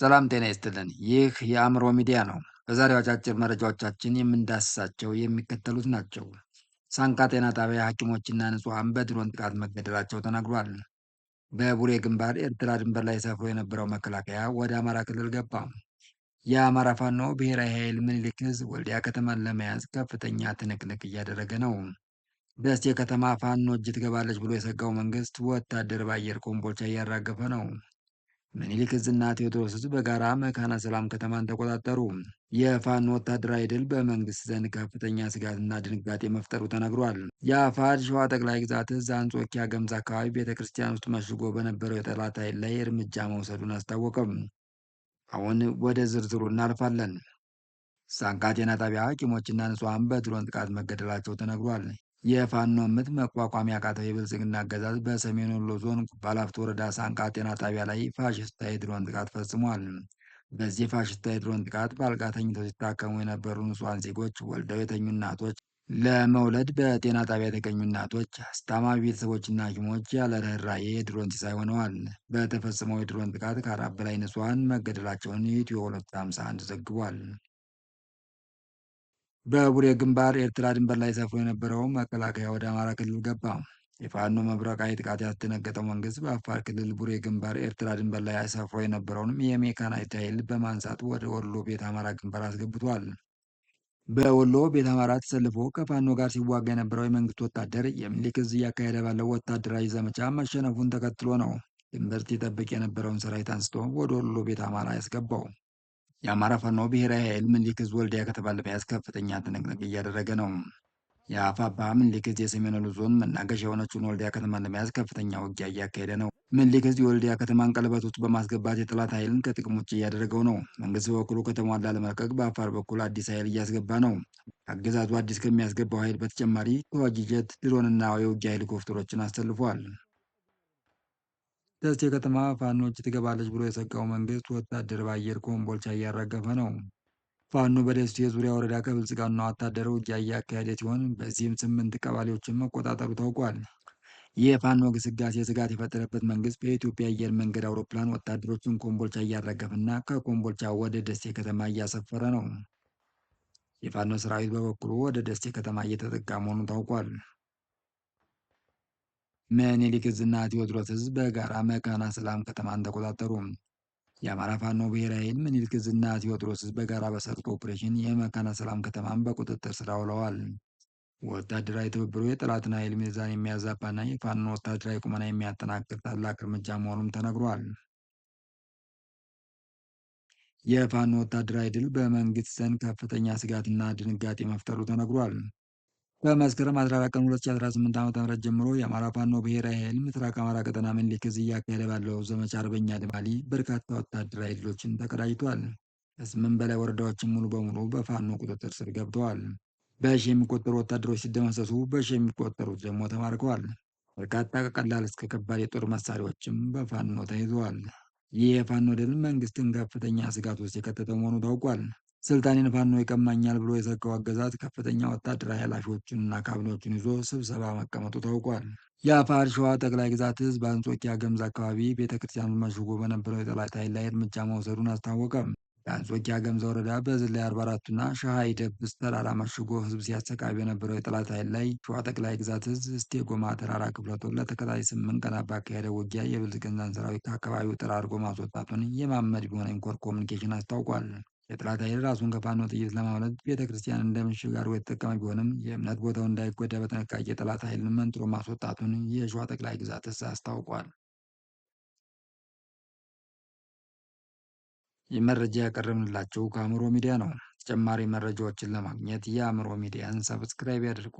ሰላም ጤና ይስጥልን። ይህ የአእምሮ ሚዲያ ነው። በዛሬው አጫጭር መረጃዎቻችን የምንዳስሳቸው የሚከተሉት ናቸው። ሳንካ ጤና ጣቢያ ሐኪሞችና ንጹሐን በድሮን ጥቃት መገደላቸው ተናግሯል። በቡሬ ግንባር ኤርትራ ድንበር ላይ ሰፍሮ የነበረው መከላከያ ወደ አማራ ክልል ገባ። የአማራ ፋኖ ብሔራዊ ኃይል ምኒልክ ዕዝ ወልዲያ ከተማን ለመያዝ ከፍተኛ ትንቅንቅ እያደረገ ነው። ደሴ ከተማ ፋኖ እጅ ትገባለች ብሎ የሰጋው መንግስት ወታደር በአየር ኮምቦልቻ እያራገፈ ነው። ምኒልክ እዝና ቴዎድሮስ እዝ በጋራ መካነ ሰላም ከተማን ተቆጣጠሩ። የፋኖ ወታደራዊ ድል በመንግስት ዘንድ ከፍተኛ ስጋትና ድንጋጤ መፍጠሩ ተነግሯል። የአፋድ ሸዋ ጠቅላይ ግዛት እዝ አንጾኪያ ገምዝ አካባቢ ቤተ ክርስቲያን ውስጥ መሽጎ በነበረው የጠላት ኃይል ላይ እርምጃ መውሰዱን አስታወቀም። አሁን ወደ ዝርዝሩ እናልፋለን። ሳንቃ ጤና ጣቢያ ሐኪሞችና ንጹሐን በድሮን ጥቃት መገደላቸው ተነግሯል። የፋኖ ምት መቋቋም ያቃተው የብልጽግና አገዛዝ በሰሜን ወሎ ዞን ባላፍቶ ወረዳ ሳንቃ ጤና ጣቢያ ላይ ፋሽስታዊ ድሮን ጥቃት ፈጽሟል። በዚህ ፋሽስታዊ ድሮን ጥቃት በአልጋ ተኝተው ሲታከሙ የነበሩ ንጹሐን ዜጎች፣ ወልደው የተኙ እናቶች፣ ለመውለድ በጤና ጣቢያ የተገኙ እናቶች፣ አስታማሚ ቤተሰቦችና ሐኪሞች ያለ ርኅራኄ የድሮን ሲሳይ ሆነዋል። በተፈጸመው የድሮን ጥቃት ከአራት በላይ ንጹሐን መገደላቸውን ኢትዮ 251 ዘግቧል። በቡሬ ግንባር ኤርትራ ድንበር ላይ ሰፎ የነበረው መከላከያ ወደ አማራ ክልል ገባ። የፋኖ መብረቃዊ ጥቃት ያስደነገጠው መንግስት በአፋር ክልል ቡሬ ግንባር ኤርትራ ድንበር ላይ ሰፍሮ የነበረውንም የሜካናይዝድ ኃይል በማንሳት ወደ ወሎ ቤት አማራ ግንባር አስገብቷል። በወሎ ቤት አማራ ተሰልፎ ከፋኖ ጋር ሲዋጋ የነበረው የመንግስት ወታደር የሚኒልክ ዕዝ እያካሄደ ባለው ወታደራዊ ዘመቻ መሸነፉን ተከትሎ ነው ድንበር ሲጠብቅ የነበረውን ሰራዊት አንስቶ ወደ ወሎ ቤት አማራ ያስገባው። የአማራ ፋኖ ብሔራዊ ኃይል ምኒልክ ወልዲያ ከተባለ በያዝ ከፍተኛ ትንቅንቅ እያደረገ ነው። የአፋባ ምኒልክ ዕዝ የሰሜን ወሎ ዞን መናገሻ የሆነችውን ወልዲያ ከተማን ለመያዝ ከፍተኛ ውጊያ እያካሄደ ነው። ምኒልክ የወልዲያ ከተማን ቀለበት ውስጥ በማስገባት የጠላት ኃይልን ከጥቅም ውጭ እያደረገው ነው። መንግስት በበኩሉ ከተማዋን ላለመልቀቅ በአፋር በኩል አዲስ ኃይል እያስገባ ነው። አገዛዙ አዲስ ከሚያስገባው ኃይል በተጨማሪ ተዋጊ ጀት፣ ድሮንና የውጊያ ሄሊኮፕተሮችን አሰልፏል። ደሴ ከተማ ፋኖ እጅ ትገባለች ብሎ የሰጋው መንግስት ወታደር በአየር ኮምቦልቻ እያራገፈ ነው። ፋኖ በደሴ ዙሪያ ወረዳ ከብልጽግና ወታደር ውጊያ እያካሄደ ሲሆን በዚህም ስምንት ቀበሌዎችን መቆጣጠሩ ታውቋል። ይህ የፋኖ ግስጋሴ ስጋት የፈጠረበት መንግስት በኢትዮጵያ አየር መንገድ አውሮፕላን ወታደሮችን ኮምቦልቻ እያራገፈና ከኮምቦልቻ ወደ ደሴ ከተማ እያሰፈረ ነው። የፋኖ ሰራዊት በበኩሉ ወደ ደሴ ከተማ እየተጠጋ መሆኑ ታውቋል። ምኒልክ ዕዝና ቴዎድሮስ ህዝብ በጋራ መካነ ሰላም ከተማን ተቆጣጠሩ። የአማራ ፋኖ ብሔራዊ ኃይል ምኒልክ እና ቴዎድሮስ ህዝብ በጋራ በሰርቶ ኦፕሬሽን የመካነ ሰላም ከተማን በቁጥጥር ስር አውለዋል። ወታደራዊ ትብብሩ የጠላትን ኃይል ሚዛን የሚያዛባና የፋኖ ወታደራዊ ቁመና የሚያጠናክር ታላቅ እርምጃ መሆኑም ተነግሯል። የፋኖ ወታደራዊ ድል በመንግስት ዘንድ ከፍተኛ ስጋትና ድንጋጤ መፍጠሩ ተነግሯል። በመስከረም 14 ቀን 2018 ዓ.ም ጀምሮ የአማራ ፋኖ ብሔራዊ ኃይል ምስራቅ አማራ ቀጠና ምኒልክ ዕዝ እያካሄደ ባለው ዘመቻ አርበኛ ልማሊ በርካታ ወታደራዊ ድሎችን ተቀዳጅቷል። ከስምንት በላይ ወረዳዎችን ሙሉ በሙሉ በፋኖ ቁጥጥር ስር ገብተዋል። በሺ የሚቆጠሩ ወታደሮች ሲደመሰሱ፣ በሺ የሚቆጠሩት ደግሞ ተማርከዋል። በርካታ ከቀላል እስከ ከባድ የጦር መሳሪያዎችም በፋኖ ተይዘዋል። ይህ የፋኖ ድል መንግስትን ከፍተኛ ስጋት ውስጥ የከተተ መሆኑ ታውቋል። ስልጣኔን ፋኖ ይቀማኛል ብሎ የዘጋው አገዛዝ ከፍተኛ ወታደራዊ ኃላፊዎችንና ካቢኔዎችን ይዞ ስብሰባ መቀመጡ ታውቋል። የአፋር ሸዋ ጠቅላይ ግዛት ህዝብ በአንጾኪያ ገምዝ አካባቢ ክርስቲያኑን መሽጎ በነበረው የጠላት ኃይል ላይ እርምጃ መውሰዱን አስታወቀም። የአንጾኪያ ገምዝ ወረዳ በዝላይ 44ና ሸሃይ ደብስ ተራራ መሽጎ ህዝብ ሲያሰቃዩ የነበረው የጠላት ኃይል ላይ ሸዋ ጠቅላይ ግዛት ህዝብ እስቴ ጎማ ተራራ ክፍለ ጦር ለተከታታይ ስምንት ቀናት ባካሄደ ውጊያ የብልጽግናን ሰራዊት ከአካባቢው ጠራርጎ ማስወጣቱን የማመድ ቢሆነ ኢንኮር ኮሚኒኬሽን አስታውቋል። የጠላት ኃይል ራሱን ከፋኖ ጥይት ለማምለጥ ቤተ ክርስቲያን እንደ ምሽግ አድርጎ የተጠቀመ ቢሆንም የእምነት ቦታው እንዳይጎዳ በጥንቃቄ የጠላት ኃይልን መንጥሮ ማስወጣቱን የሸዋ ጠቅላይ ግዛት እዝ አስታውቋል። ይህ መረጃ ያቀረብንላችሁ ከአእምሮ ሚዲያ ነው። ተጨማሪ መረጃዎችን ለማግኘት የአእምሮ ሚዲያን ሰብስክራይብ ያድርጉ።